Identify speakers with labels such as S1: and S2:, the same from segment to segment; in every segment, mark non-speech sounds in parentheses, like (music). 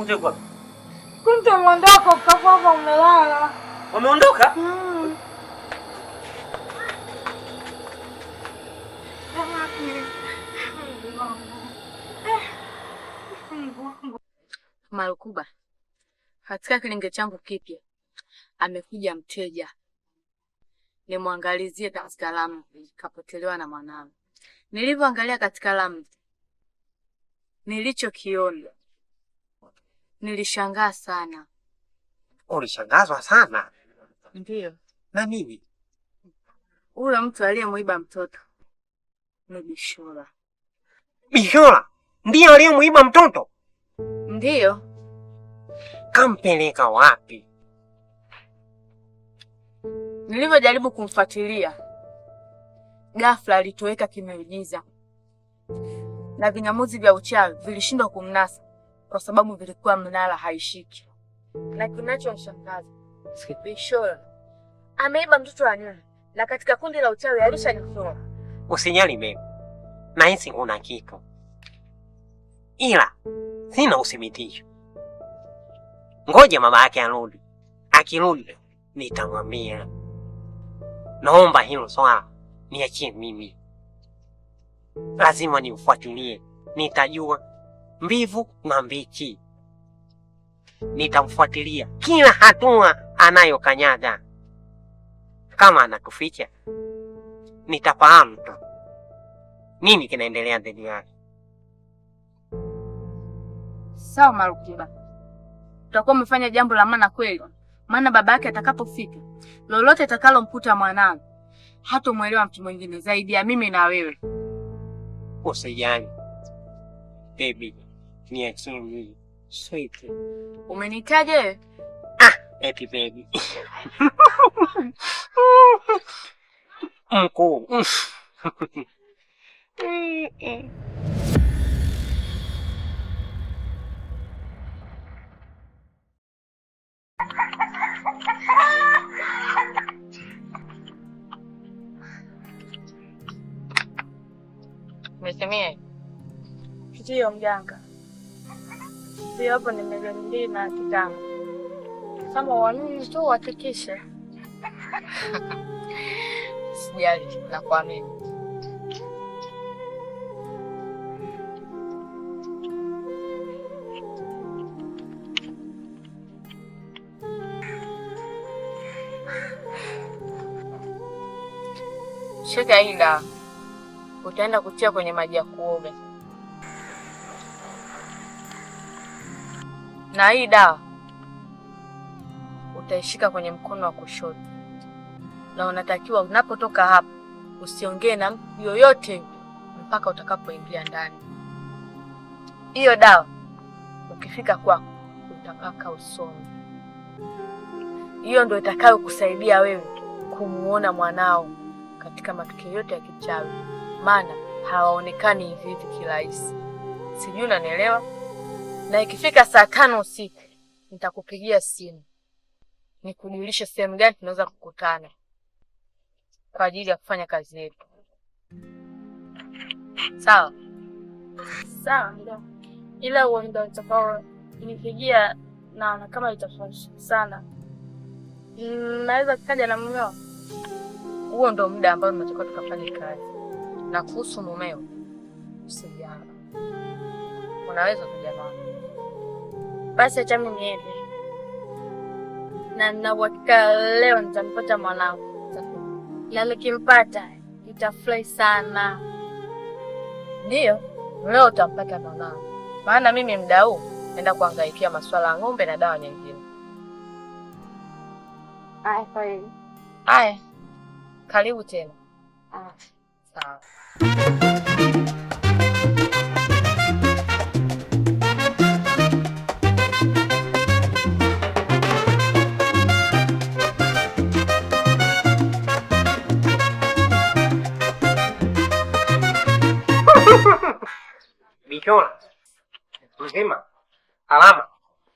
S1: kunje kwa?
S2: Kunje mwondoko kakafa umelala.
S1: Wameondoka?
S2: Mm.
S3: Marukuba, katika kilinge changu kipya amekuja mteja, nimwangalizie katika lamu, kapotelewa na mwanangu. Nilivyoangalia katika lamu, nilichokiona Nilishangaa sana.
S1: Oh, ulishangazwa sana? Ndiyo. Na nini?
S3: Ule mtu aliyemuiba mtoto ni Bishora.
S1: Bishora ndiyo aliyemuiba mtoto? Ndiyo. Kampeleka wapi?
S3: Nilivyojaribu kumfuatilia, ghafla alitoweka kimeujiza, na ving'amuzi vya uchawi vilishindwa kumnasa kwa sababu vilikuwa mnala haishiki. Na kinachonishangaza Bishora ameiba mtoto wa nyuma, na katika kundi la uchawi alishajitoa.
S1: Usinyali mimi, nahisi una kitu, ila sina uthibitisho. Ngoja mama yake arudi, akirudi nitamwambia. Naomba hilo swala niachie mimi, lazima niufuatilie, nitajua mbivu na mbichi. Nitamfuatilia kila hatua anayokanyaga. Kama anatuficha, nitafahamu tu nini kinaendelea ndani yake.
S3: Sawa Marukiba, utakuwa umefanya jambo la maana kweli, maana baba yake atakapofika, lolote atakalomkuta mwanangu mwelewa mtu mwingine zaidi ya mimi na wewe.
S1: Usijali baby ni action mbili. Sweet.
S3: Umenitaje?
S1: Ah, happy baby. Mkuu.
S3: Umesemia? Ndio mjanga hiyo hapo ni milioni mbili na kitano. Kama uamini tu uhakikishe. (laughs)
S1: Sijali, nakuamini.
S3: Shika hii dawa, utaenda kutia kwenye maji ya kuoga. na hii dawa utaishika kwenye mkono wa kushoto, na unatakiwa unapotoka hapa usiongee na mtu yoyote mpaka utakapoingia ndani. Hiyo dawa ukifika kwako utapaka usoni. Hiyo ndio itakayokusaidia wewe kumuona mwanao katika matukio yote ya kichawi, maana hawaonekani hivi hivi kirahisi. Sijui unanielewa? na ikifika saa tano usiku nitakupigia simu nikujulishe sehemu gani tunaweza kukutana kwa ajili ya kufanya kazi yetu. Sawa sawa, ndio, ila huo ndio utakao nipigia, naona kama itafanya sana. Naweza kaja na mumeo, huo ndio muda ambao tunatakiwa tukafanya kazi. Na kuhusu mumeo, usijana, unaweza kuja basi acha mimi niende, na nina uhakika leo nitampata mwanangu, na nikimpata nitafurahi sana. Ndiyo, leo utampata mwanangu, maana mimi muda huu naenda kuangaikia masuala ya ng'ombe na dawa nyingine. Aya, karibu tena. Sawa.
S1: Nikiona mzima salama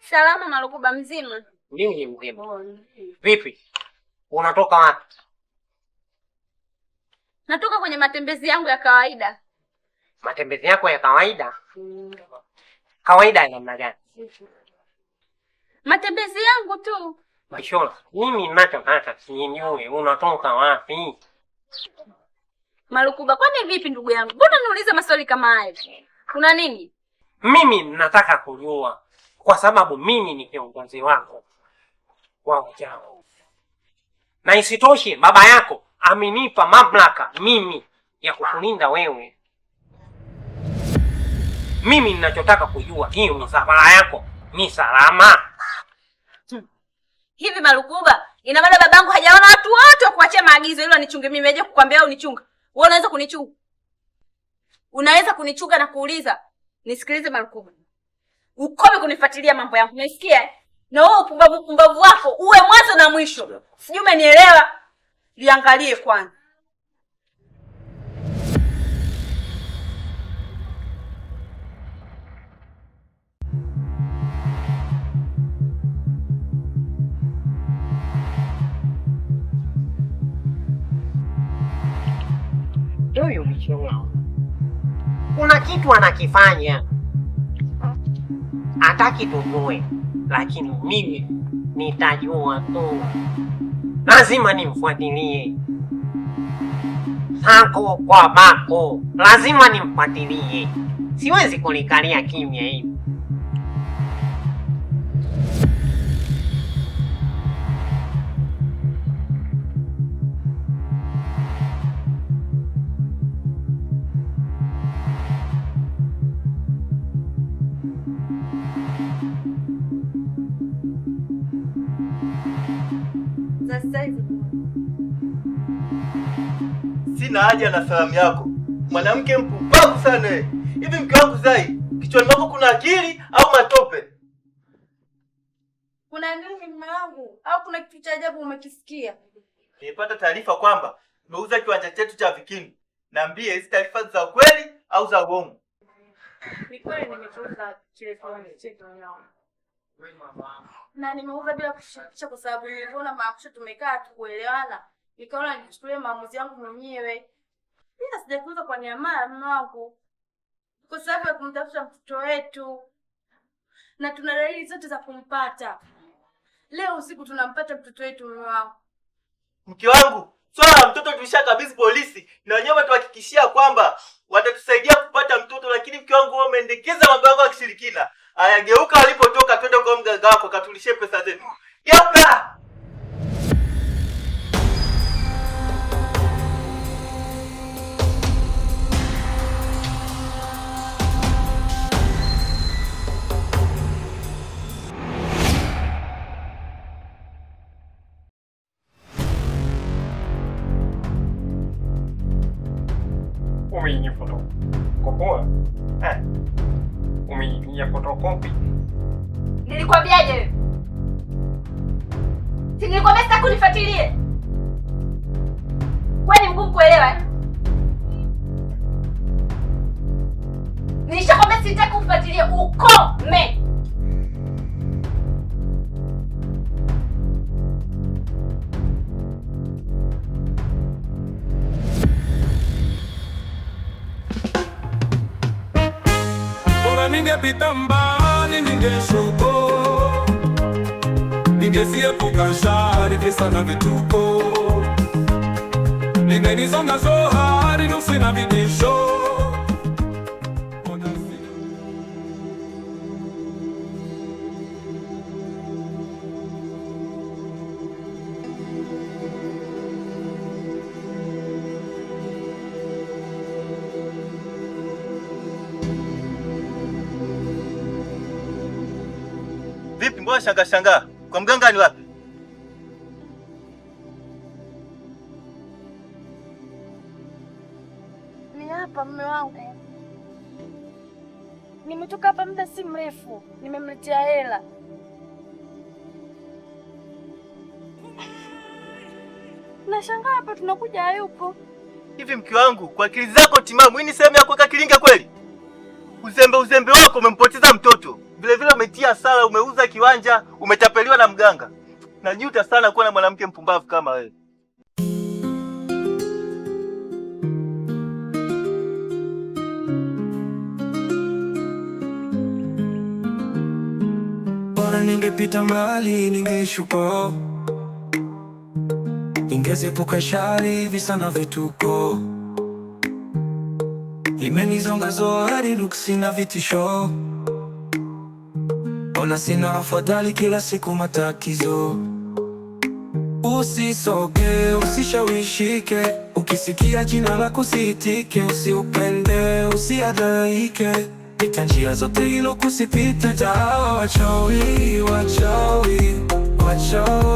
S3: salama, marukuba mzima.
S1: ni mzima? Vipi, unatoka wapi?
S3: Natoka kwenye matembezi yangu ya kawaida.
S1: Matembezi yako ya kawaida? Kawaida ya namna gani?
S3: Matembezi yangu tu.
S1: Mashola, mimi ninachotaka nijue unatoka wapi?
S3: Malukuba, kwani vipi ndugu yangu? Mbona niuliza maswali kama hayo? Kuna nini?
S1: Mimi nataka kujua kwa sababu mimi ni kiongozi wako wa ujao, na isitoshe baba yako amenipa mamlaka mimi ya kukulinda wewe. Mimi ninachotaka kujua hiyo misafara yako ni salama
S3: hmm. Hivi Malukuba, ina maana babangu hajaona watu wote kuachia maagizo, ilo anichunge mimi aje kukwambia au nichunga wewe? Unaweza kunichunga Unaweza kunichunga na kuuliza. Nisikilize Marukumu, ukome kunifuatilia mambo yangu, naisikia eh? na wewe upumbavu pumbavu wako uwe mwanzo na mwisho, sijui umenielewa? Liangalie kwanza.
S1: Huyu mchumao kuna kitu anakifanya, hataki tujue, lakini mimi nitajua tu, lazima nimfuatilie sako kwa bako, lazima nimfuatilie, siwezi kulikalia kimya hivi. sina haja na salamu yako. Mwanamke mpumbavu sana wewe. Hivi mke wangu Zai, kichwani mwako kuna akili au matope?
S3: Kuna nini mume wangu au kuna kitu cha ajabu umekisikia?
S1: Nimepata taarifa kwamba umeuza kiwanja chetu cha Vikini. Niambie hizi taarifa za kweli au za uongo?
S3: Ni kweli nimeuza kile kiwanja chetu na nimeuza bila kushirikisha kwa sababu niliona makusha tumekaa tukuelewana nikaona nichukulie maamuzi yangu mwenyewe. Pia sijakuza kwa niama ya mume wangu, kwa sababu ya kumtafuta mtoto wetu na tuna dalili zote za kumpata. Leo usiku tunampata mtoto wetu. Mume wangu,
S1: mke wangu, swala la mtoto kabisa polisi na wenyewe tuhakikishia kwamba watatusaidia kupata mtoto, lakini mke wangu, wewe umeendekeza mambo yako ya kishirikina. Ayageuka walipotoka, twende kwa mganga wako katulishe pesa zetu. Geuka!
S3: ningepitambani ningeshuko, ningesiepuka shari, visa na vituko, ningenizonga
S1: zohari nusina na Mbona shanga shanga? Kwa mganga ni wapi?
S3: Ni hapa mume wangu. Nimetoka hapa muda si mrefu, nimemletea hela. Nashangaa hapa tunakuja hayupo.
S1: Hivi mke wangu, kwa akili zako timamu, hii ni sehemu ya kuweka kilinga kweli? Uzembe uzembe wako umempoteza mtoto vilevile umetia sala umeuza kiwanja, umetapeliwa na mganga. Najuta sana kuwa na mwanamke mpumbavu kama wewe.
S4: Bora ningepita mbali, ningeishi kwao, shari hivi sana vituko, imenizonga zohari luksi na vitisho Mbona sina afadhali kila siku matakizo? Usisoge, usishawishike, ukisikia jina lako usiitike, usiupende, usiadaike, pita njia zote ilo kusipita. Tawa wachawi, wachawi, wachawi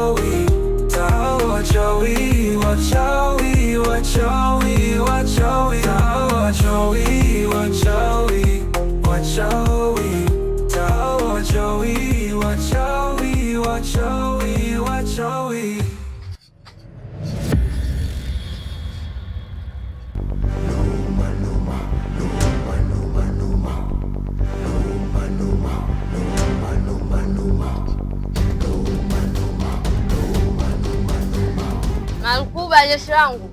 S3: jeshi wangu,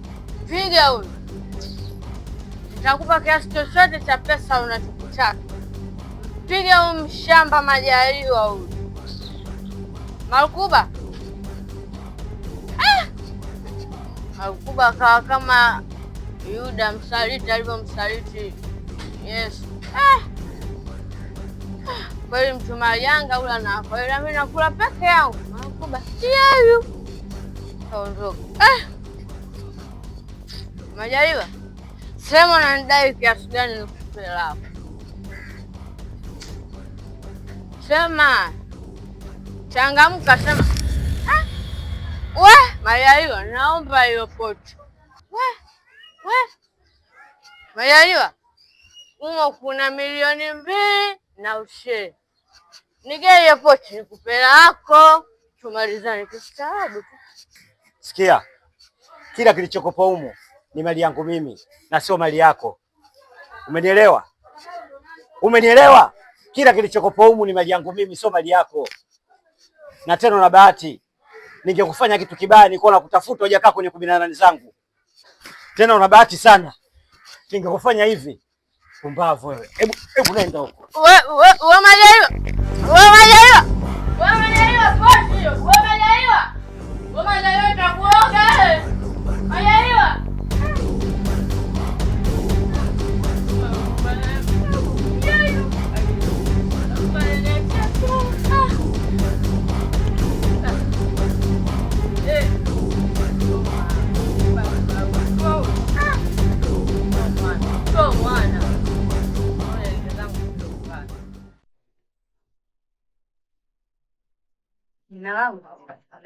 S3: piga huyu, nitakupa kiasi chochote cha pesa unachokutaka. Piga huyu mshamba majaliwa huyu Marukuba. Ah! Marukuba akawa kama Yuda msaliti alivyomsaliti Yesu. Ah! Ah! Kweli mtu majanga ula na kweli, nakula peke yangu. Marukuba siyeyu kaondoka. Ah! Majaliwa, sema unanidai kiasi gani nikupe Sema changamka, sema we. Majaliwa, naomba hiyo poti. We, we Majaliwa, umo kuna milioni mbili na ushee, nige hiyo poti nikupe lako, tumalizane kistaabu.
S1: Sikia kila kilichokopa umo ni mali yangu mimi na sio mali yako. Umenielewa? Umenielewa? Kila kilichokopo humu ni mali yangu mimi, sio mali yako. Na tena na bahati, ningekufanya kitu kibaya, nilikuwa nakutafuta hujakaa kwenye kumi na nane zangu. Tena una bahati sana, ningekufanya hivi. Pumbavu wewe! Hebu hebu nenda huko
S3: wewe, wewe, wewe, wewe, wewe, wewe.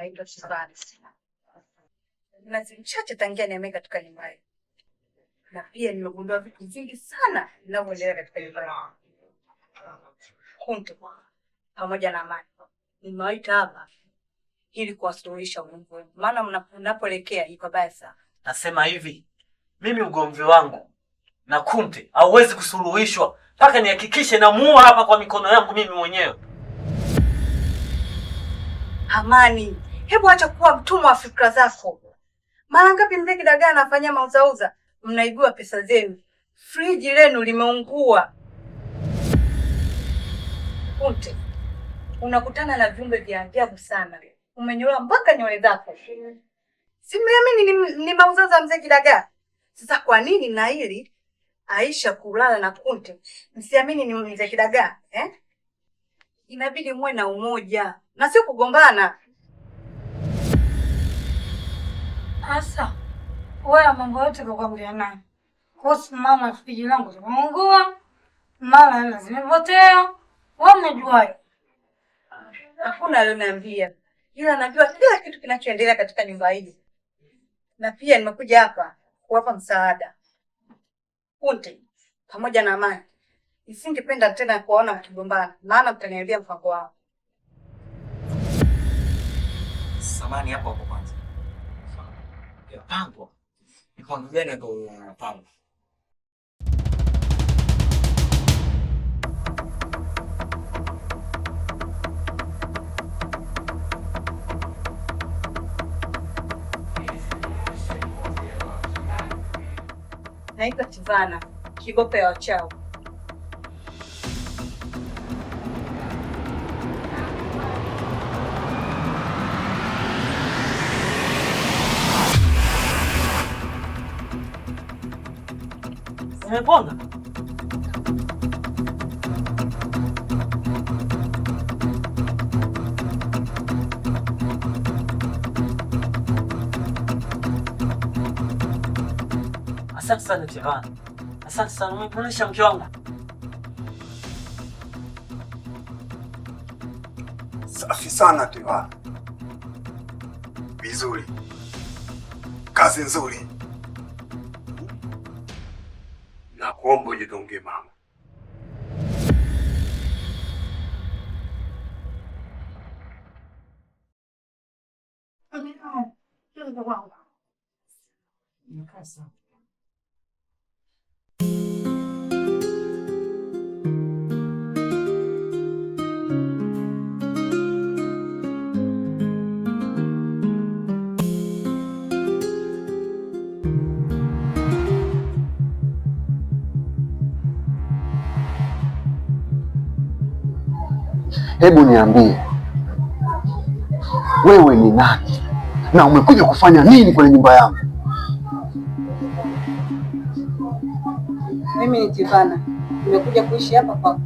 S5: na hilo kibanzi. Miezi michache tangia nihamia katika nyumba hii, na pia nimegundua vitu vingi sana vinavyoendelea katika nyumba hii, Kunto pamoja na Amani. Nimewaita hapa ili kuwasuluhisha ugomvi wenu, maana mnapoelekea iko baya sana.
S1: Nasema hivi, mimi ugomvi wangu na Kunte hauwezi kusuluhishwa mpaka nihakikishe namuua hapa kwa mikono yangu mimi mwenyewe.
S5: Amani Hebu acha kuwa mtumwa wa fikra zako. Mara ngapi mzee Kidagaa anafanya mauzauza, mnaigua pesa zenu, friji lenu limeungua. Kunte, unakutana na viumbe vya ajabu sana, umenyolewa mpaka nywele zako. Simeamini ni, ni mauzaza mzee Kidagaa. Sasa kwa nini na hili Aisha kulala na Kunte msiamini ni mzee Kidagaa eh? Inabidi muwe na umoja na sio kugombana.
S3: Hasa wewe mambo yote kakwambia naye kuhusu, mama rafiki langu limeungua, mara hela zimepotea. Wewe unajuaje? Hakuna aliniambia, ila najua kila kitu kinachoendelea katika nyumba hii, na pia nimekuja hapa kuwapa msaada Kunti pamoja na Amani. Nisingependa tena kuwaona wakigombana, maana mtaniambia mpango wao.
S1: Samani hapo hapo. Pago. E quando viene tu Pago.
S5: Haita Tivana, Kigo Peo, tchau.
S1: Tumepona. Asante sana Tivana, asante sana, umeponesha mke wangu. Safi sana Tivana, vizuri, kazi nzuri. 我不要动给妈。
S5: 还看，就是在望你看
S1: Hebu niambie, wewe ni nani na umekuja kufanya nini kwenye nyumba yangu?
S5: Mimi ni Tivana, nimekuja kuishi hapa kwako.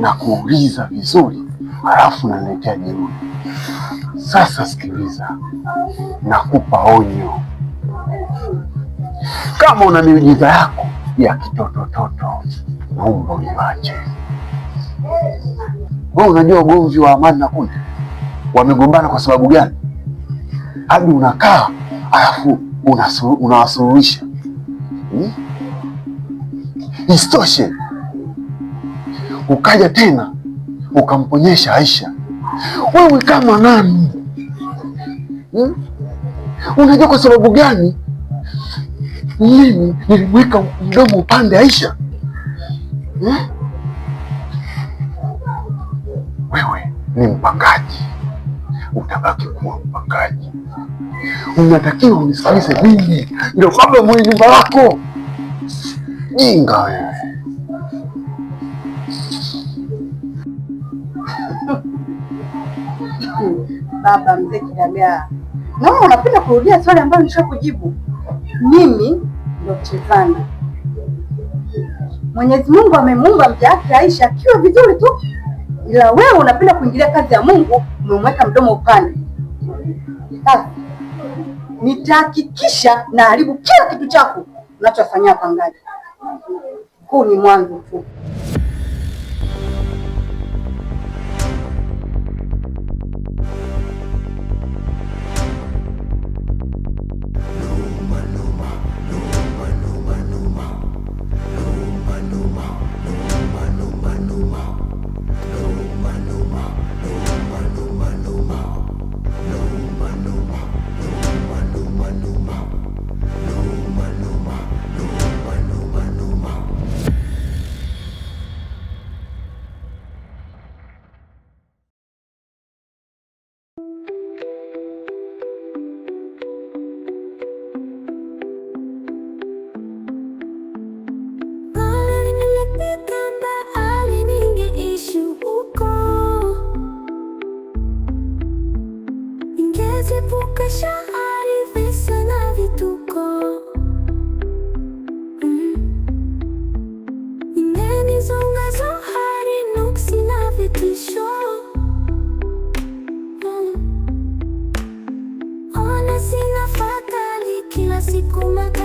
S1: Na kuuliza vizuri, halafu naletea jeuri. Sasa sikiliza, nakupa onyo. Kama una miujiza yako ya kitotototo, naomba uiwache. Wewe unajua ugomvi wa Amani na Kunde wamegombana kwa sababu gani? Hadi unakaa alafu unawasuluhisha hmm? Isitoshe ukaja tena ukamponyesha Aisha. Wewe kama nani hmm? Unajua kwa sababu gani mimi nilimweka mdomo upande Aisha hmm? ni mpangaji, utabaki kuwa mpangaji. Unatakiwa unisikilize mimi, ndio kabla mwenye nyumba yako. Jinga wewe!
S5: Baba mzee Kidagaa, naona unapenda kurudia swali ambalo nishakujibu mimi. Ndio Chezani, Mwenyezi Mungu amemuumba mja wake Aisha akiwa vizuri tu ila wewe unapenda kuingilia kazi ya Mungu, umemweka mdomo upande. Ah, nitahakikisha naharibu kila kitu chako unachofanyia pangaji. Huu ni mwanzo tu. siku makan